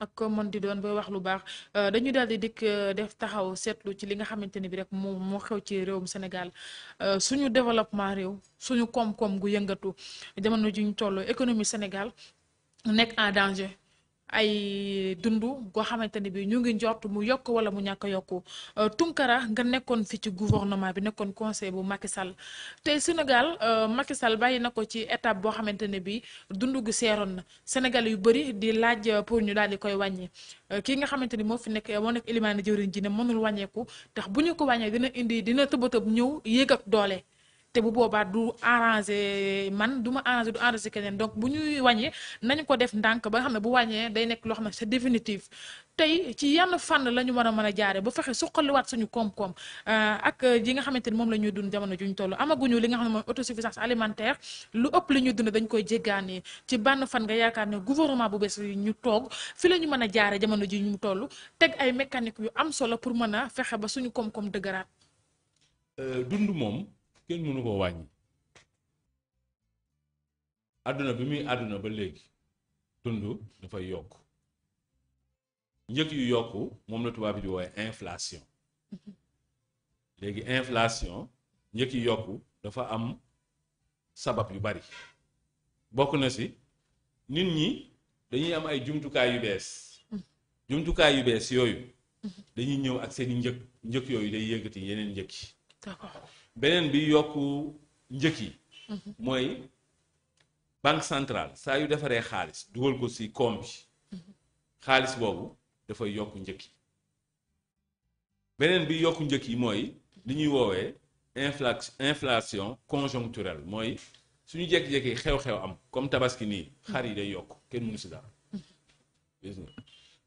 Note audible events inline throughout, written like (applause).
ak mën di doon boo wax lu baax euh, dañu daal di dikk euh, def taxaw seetlu ci li nga xamante ni bi rek moom moo xew ci réewum Sénégal euh, suñu développement réew suñu koom-koom gu yëngatu jamono ji ñu toll économie Sénégal nekk en danger ay dund goo xamante ne bi ñu ngi njort mu yokk wala mu ñàkk yokku euh, Tunkara nga nekkoon fi ci gouvernement bi nekkoon conseil bu Macky Sall tey Sénégal euh, Macky Sall bàyyi na ko ci étape boo xamante ne bi dund gu seeroon na Sénégal yu bëri di laaj euh, pour ñu daal di koy wàññi kii nga xamante ni moo fi nekk moo nekk Elimane Diorine ji ne mënul wàññeeku tax bu ñu ko wàññee dina indi dina tëbatëb ñëw yéeg ak doole te bu boobaat du arrangé man du ma arrangé du arrangé keneen donc bu ñuy wàññee nañ ko def ndànk ba nga xam ne bu wàññee day nekk loo xam ne c'est définitif tey ci yenn fànn la ñu mën a mën a jaare ba fexe suqaliwaat suñu koom-koom euh, ak euh, ji nga xamante ni moom la ñuy dund jamono ju ñu toll amaguñu li nga xam ne mooy autosuffisance alimentaire lu ëpp li ñuy dund dañ koy jéggaane ci benn fan nga yaakaar ne gouvernement bu bees yu ñu toog fi la ñu mën a jaare jamono ji ñu tollu teg ay mécanique yu am solo pour mën a fexe ba suñu koom-koom dëgëraat euh, dund moom kenn mënu koo wàññi àdduna bi muy àdduna ba léegi dund dafay yokk njëg yu yokk moom la tubaab bi di woowee inflation léegi inflation njëg yi yokk dafa am sabab yu bari bokk na si nit ñi dañuy am ay jumtukaay yu bees jumtukaay yu bees yooyu dañuy ñëw ak seeni njëkk njëkk yooyu day yëkkati yeneen njëg beneen bi yokk njëkk yi mhm. mooy banque centrale saa yu defaree xaalis dugal ko ci koom bi mhm. xaalis boobu dafay yokk njëkk yi beneen bi yokk njëkk yi mooy li ñuy woowee infla inflation conjoncturelle mooy suñu jékki-jékki xew-xew am comme tabaski nii xar yi day yokk kenn mu mënu ci dara mhm.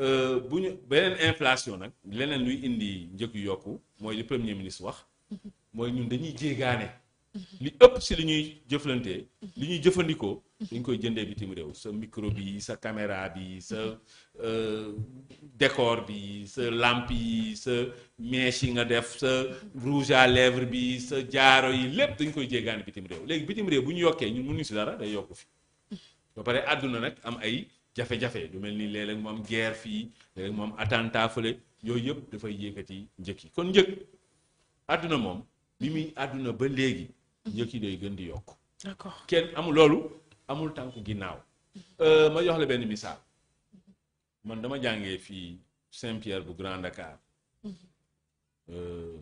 euh, bu ñu beneen inflation nag leneen luy indi njëkk yokk yokku mooy li premier ministre wax mooy ñun dañuy jéegaane. li ëpp si li ñuy jëflante. li ñuy jëfandikoo. dañ koy jëndee bitim réew sa micro yi sa caméra bi sa euh, décor bi sa lampe yi sa mèche yi nga def sa rouge à lèvres bi sa jaaro yi lépp dañ koy jéegaane bitim réew léegi bitim réew bu ñu yokkee ñun mënuñu si dara day yokku fi ba pare àdduna nag am ay jafe-jafe du mel ni léeg-léeg mu fii léeg-léeg mu am attentat yooyu yëpp dafay yékkati njëkk yi kon njëkk àdduna moom. bi muy àdduna ba léegi njëkk yi day gën di yokk d'accord kenn amul loolu amul tànk ginnaaw euh, ma jox la benn misaal man dama jàngee fii Saint-Pierre bu Grand Dakar mhm. euh,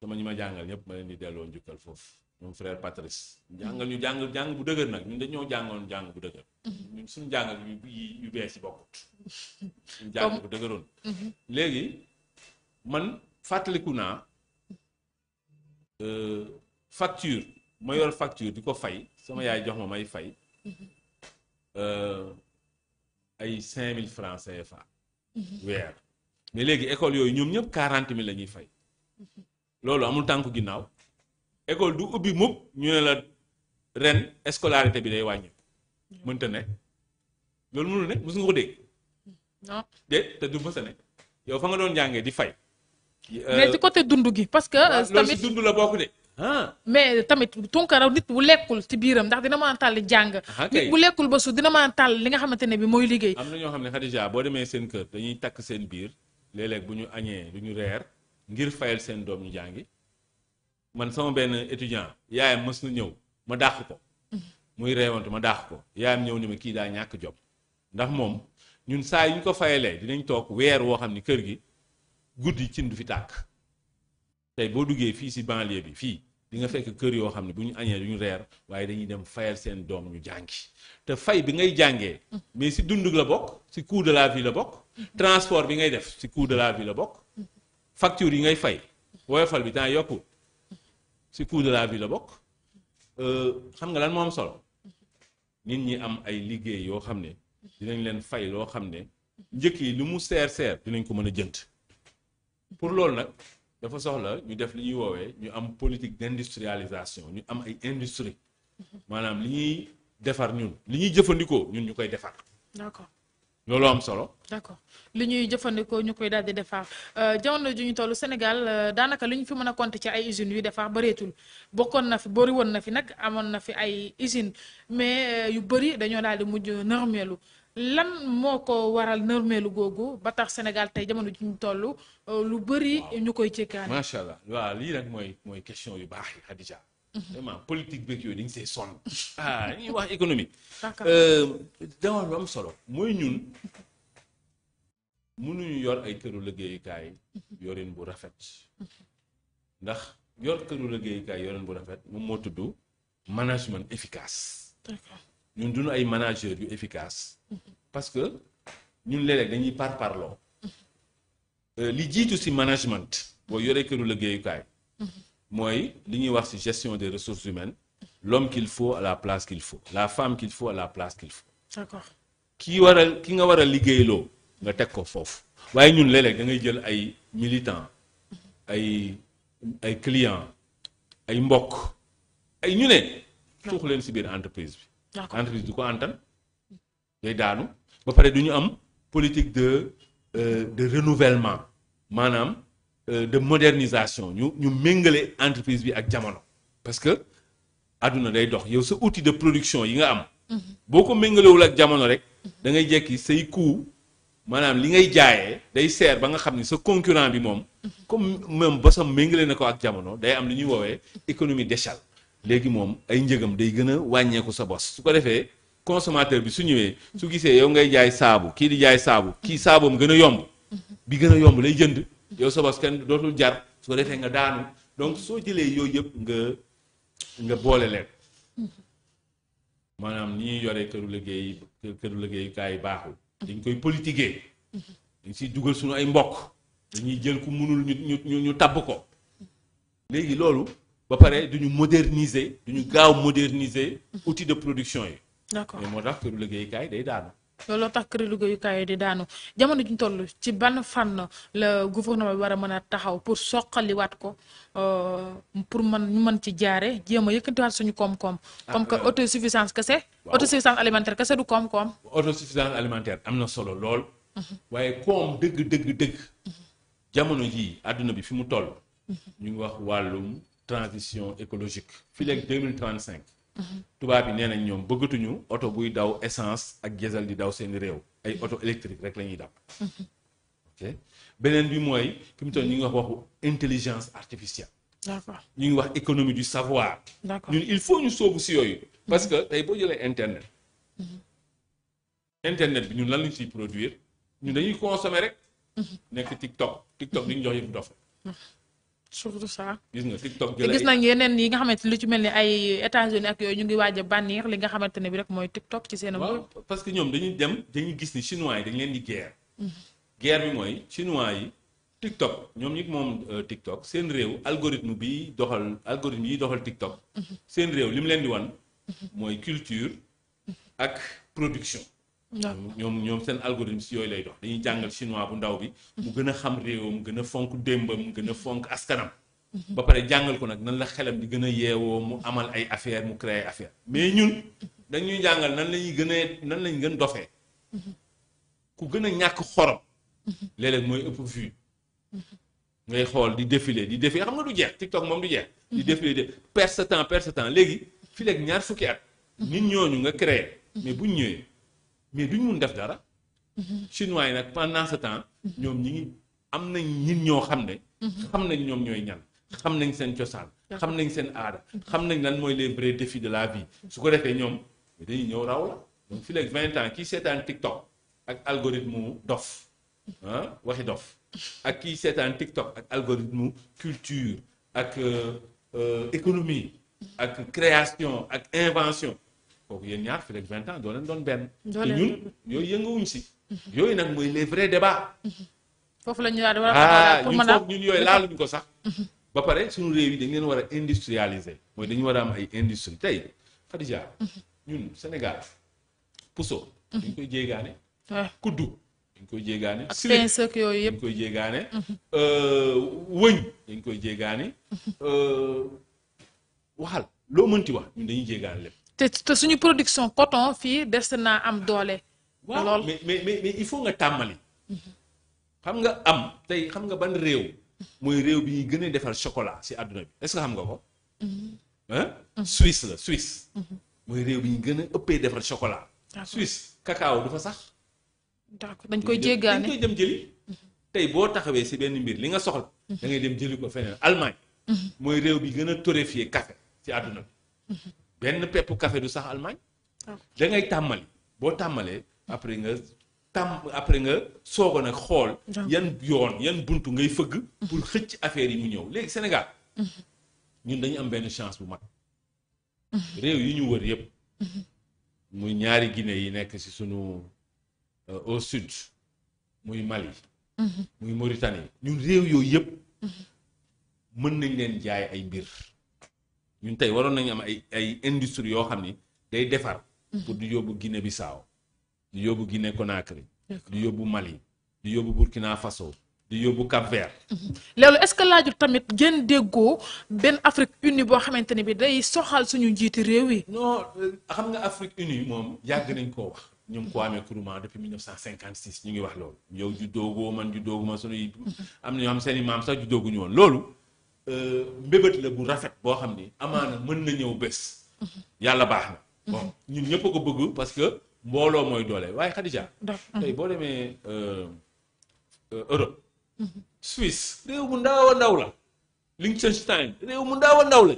sama ñi ma jàngal ñëpp ma leen di delloo njukkal foofu ñoom frère Patrice jàngal ñu jàng jàng bu dëgër nag ñun dañoo jàngoon jàng bu dëgër mhm. ñun suñu jàngal yu bees yi bokkut (laughs) suñu bu dëgëroon mhm. léegi man fàttaliku naa Euh, facture ma yor facture di ko fay sama yaay jox ma may fay euh, ay cinq mille francs CFA weer mais léegi école yooyu ñoom ñëpp quarante mille la ñuy fay loolu amul tànk ginnaaw école du ubbi mukk ñu ne la ren scolarité bi day wàññi mënta ne loolu mënul ne mësu nga ko dégg. non de te du mësa ne yow fa nga doon jàngee di fay. Euh, mais ci côté dund gi parce que. Euh, tamit loolu dund la bokk de. Ah. mais tamit Tounkara nit bu lekkul ci biiram ndax dina mën tàll jàng. nit bu lekkul ba su dina mën tàll li nga xamante ne bi mooy liggéey. am na ñoo xam ne Khadija boo demee seen kër dañuy takk seen biir léeg-léeg bu ñu añee lu ñu reer ngir fayal seen doom ñu jàngi man sama benn étudiant yaayam mës na ñëw ma dàq ko. Mhm. muy reewante ma dàq ko yaayam ñëw ni ma kii daa ñàkk jom ndax moom ñun saa yu ko fayalee dinañ toog weer woo xam ni kër gi. guddi cin du fi tàkk tey boo duggee fii si banlieue bi fii di nga fekk kër yoo xam ne bu ñu añee du ñu reer waaye dañuy dem fayal seen doom ñu jàngi te fay bi ngay jàngee mais si dund la bokk si coût de la vie la bokk transport bi ngay def si coût de la vie la bokk facture yi ngay fay woyofal bi temps yokku si coût de la vie la bokk euh, xam nga lan moo am solo nit ñi am ay liggéey yoo xam ne dinañ leen fay loo xam ne njëkk yi lu mu seer seer dinañ ko mën a jënd pour loolu nag dafa soxla ñu def li ñuy woowee ñu am politique d'industrialisation ñu am ay industrie maanaam li ñuy defar ñun li ñuy jëfandikoo ñun ñu koy defar. d'accord loolu am solo. d'accord li ñuy jëfandikoo ñu koy daal di defar euh, jamono ju ñu toll Sénégal euh, daanaka li ñu fi mën a compter ci ay usines yuy defar bareetul bokkoon na fi bori woon na fi nag amoon na fi ay usines mais euh, yu bëri dañoo daal di mujj nërmeelu lan moo ko waral nërmeelu googu ba tax Sénégal tey jamono ji ñu toll euh, lu bari ñu koy cëkkaan macha allah waaw lii nag mooy mooy question yu baax yi Khadija mhm. vraiment politique beeg yooyu dañu see sonn ah ñuy wax économie dama euh, lu am solo mooy ñun mënuñu yor ay këru liggéeyukaay mhm. yorin bu rafet mhm. ndax yor këru liggéeyukaay yorin bu rafet moom moo tudd management efficace d'accord ñun duñu ay manager yu efficace parce que ñun léeg-léeg dañuy par parloo euh, li jiitu ci management boo yoree këru liggéeyukaay mooy li ñuy wax ci gestion des ressources humaines l'homme qu'il faut à la place qu'il faut la femme qu'il faut à la place qu'il faut ki war ki nga war a liggéeyloo nga teg ko foofu waaye ñun léeg-léeg ngay jël ay militant ay ay client ay mbokk ay ñu ne tuux leen ci biir entreprise bi entreprise du ko antan day daanu ba pare du ñu am politique de euh, de renouvellement maanaam euh, de modernisation ñu ñu méngale entreprise bi ak jamono parce que àdduna day dox yow sa outil de production yi nga am mhm. boo ko méngalewul ak jamono rek da ngay jekki say coût maanaam li ngay jaayee day seer ba nga xam ni sa concurrent bi moom mhm. comme moom ba sa méngalee na ko ak jamono day am lu ñuy woowee économie de d'échelle léegi moom ay njëgam day gën a wàññeeku sa bos su ko defee consommateur bi su ñëwee su gisee yow ngay jaay saabu kii di jaay saabu kii saaboom gën a yomb bi gën a yomb lay jënd yow sa bos kenn dootul jar su ko defee nga daanu donc soo jëlee yooyu yëpp nga nga boole leen maanaam ni ñuy yore këru liggéey këru liggéeyukaay baaxul dañ koy politiquer dañ siy dugal suñu ay mbokk dañuy jël ku munul ñu ñu ñu tabb ko léegi loolu ba pare du ñu moderniser du ñu gaaw moderniser outil de production yi. d'accord moo tax këru liggéeyukaay day daanu. looloo tax këru liggéeyukaay yi di daanu jamono juñ toll ci ban fànn la gouvernement bi war a mën a taxaw pour soqaliwaat ko euh, pour mën mën ci jaare jéem a yëkkantiwaat suñu koom-koom. Ah, comme que autosuffisance kese. autosuffisance alimentaire kese du koom-koom. autosuffisance alimentaire am na solo lool. Mhm. waaye koom dëgg dëgg dëgg. Mhm. jamono jii àdduna bi fi mu toll. Mhm. ñu ngi wax wàllum. transition mm-hmm. écologique fii léegi 2035 mm-hmm. mm-hmm. tubaab yi nee nañ ñoom bëggatuñu oto buy daw essence ak diesel di daw seen réew ay oto électrique rek la ñuy daw beneen bi mooy fi mu ñu ngi wax waxu intelligence artificielle d'accord ñu ngi wax économie du savoir ñun il faut ñu soobu si yooyu parce que tey boo jëlee internet internet bi ñu lan lañ siy produire ñun dañuy consommer rek nekk TikTok TikTok li ñu jox yëpp dof surtout ça. gis nga TikTok jëlee gis nañ yeneen yi nga xamante lu ci mel ni ay États-Unis ak yooyu ñu ngi waaj a bannir li nga xamante ne bi rek mooy TikTok ci seen. waaw parce que ñoom dañuy dem dañuy gis ni chinois yi dañ leen di guerre. guerre bi mooy chinois yi. TikTok ñoom ñi moom euh, TikTok seen réew algorithme bi doxal algorithme yi doxal TikTok. Mhm. seen réew li mu leen di wan. Mhm. mooy culture. Mhm. ak production. ñoom ñoom seen algorithme si yooyu lay dox dañuy jàngal chinois bu ndaw bi mu gën a xam réewam gën a fonk démbam gën a fonk askanam mhm. ba pare jàngal ko nag nan la xelam di gën a yeewoo mu amal ay affaire mu créer affaire mais ñun dañuy jàngal nan lañuy gën a nan lañ gën dofee mhm. ku gën a ñàkk xorom mhm. léeg mooy ëpp vue ngay xool di défilé di défilé xam nga du jeex TikTok moom du jeex di défilé de perte temps perte temps léegi fii ñaar fukki at nit ñooñu nga créer mais buñ ñëwee mais ñu mun def dara. chinois yi nag pendant ce temps. ñoom ñi ngi am nañ nit ñoo xam ne. xam nañ ñoom ñooy ñan. xam nañ seen cosaan. xam nañ seen aada. xam nañ lan mooy les vrais défis de la vie su ko defee ñoom dañuy ñëw raw la donc fii léegi vingt ans kii seetaan TikTok ak algorithme mu dof ah waxi dof ak kii seetaan TikTok ak algorithme culture ak euh, euh, économie ak création ak invention kooku yéen ñaar fi rek vingt ans doo leen doon benn te ñun yooyu yëngawuñ si yooyu nag mooy les de débats foofu la ñu daal war a ah, pour mën a ñun ko sax mhm. ba pare suñu réew dañ leen war a industrialiser mooy dañu war a am ay industrie tey Khadija mhm. ñun Sénégal puso mhm. dañ koy jéegaane kuddu dañ koy jéegaane silip yooyu yëpp koy jéegaane euh, wëñ dañ koy jéegaane euh, waxal loo mënti wax ñun dañuy jéegaane lépp te suñu production coton fii def des naa am doole. lool mais mais il faut nga tàmmali. Mhm. xam nga am tey xam nga ban réew. mooy réew bi ñuy gën a defar chocolat si àdduna bi est-ce xam nga ko. ah la Suisse. mooy réew bi ñu gën a ëppee defar chocolat. Suisse cacao du fa sax. d'accord dañ koy jéggaane dañ koy dem jëli. tey boo taxawee si benn mbir li nga soxla. da ngay dem jëli ko feneen Allemagne. mooy réew bi gën a torréfier café si àdduna bi. benn pepp café du sax Allemagne. Ah. da ngay tàmmali boo tàmmalee après nga tàmm après nga soog nag xool. yan yoon yan buntu ngay fëgg. pour mhm. xëcc affaire yi mu ñëw léegi Sénégal. Mhm. ñun dañu am benn chance bu mag. Mhm. réew yi ñu wër yëpp. muy ñaari Guinée yi nekk ci sunu euh, au sud muy Mali. muy Mauritanie ñun réew yooyu yëpp. mën nañ leen jaay ay mbir. ñun tey waroon nañu am ay ay industrie yoo xam ni day defar. Mhm. pour di yóbbu Guinée Bissau di yóbbu Guinée Conakry. di yóbbu Mali di yóbbu Burkina Faso. di yóbbu Cap Vert. Mhm. loolu est que laajul tamit genn déggoo benn Afrique unie boo xamante ni bi day soxal suñu njiiti réew yi. non euh, xam nga Afrique unie moom yàgg nañ koo wax. ñoom Kwame Nkrumah depuis 1956 ñu ngi wax loolu. yow ju doogoo man ju doogu ma suñuy. Mhm. am na ñoo xam seen i maam sax ju dooguñu loolu. Euh, mbébét la bu rafet boo xam ni amaana mën na ñëw bés. yàlla baax na. bon ñun ñëpp ko bëgg parce que mbooloo mooy doolee waaye Khadija. tey boo demee euh, euh, Europe. Mm-hmm. Suisse réew mu ndaw la ndaw la. Liechtenstein réew mu ndaw a ndaw la.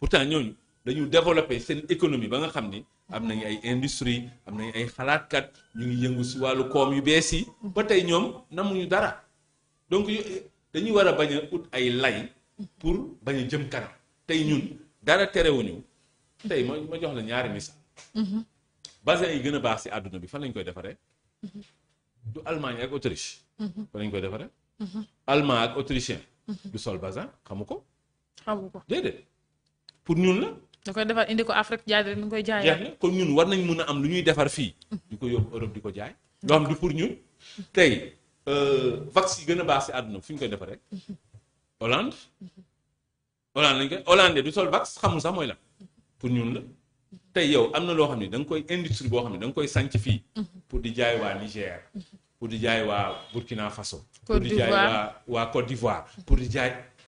pourtant ñooñu dañu développé seen économie ba nga xam ni. am nañu ay industrie am nañu ay xalaatkat ñu ngi yëngu si wàllu koom yu bees yi. ba tey ñoom namuñu dara. donc dañuy war a bañ ut ay lay. pour bañ jëm kanam tey ñun dara terewuñu tey ma ma jox la ñaari misaal mhm. basin yi gën a baax si àdduna bi fan lañ koy defaree mhm. du Allemagne ak Autriche mhm. fan lañ koy defaree allemand ak autrichien du sol basin xamu ko xamu ko déedéet pour ñun la da koy defar indi ko Afrique jaay nu ñu koy jaay jeex kon ñun war nañ mun a am lu ñuy defar fii di ko yóbbu Europe di ko jaay loo xam du pour ñun tey euh, vaccin yi gën a baax si àdduna bi fi ñu koy defaree Hollande Hollande lañ du sol vax xamul sax mooy la pour ñun la tey yow am na loo xam ne da nga koy industrie boo xam ne da nga koy sànc fii pour di jaay waa Niger pour di jaay waa Burkina Faso pour di jaay waa waa d'Ivoire pour di jaay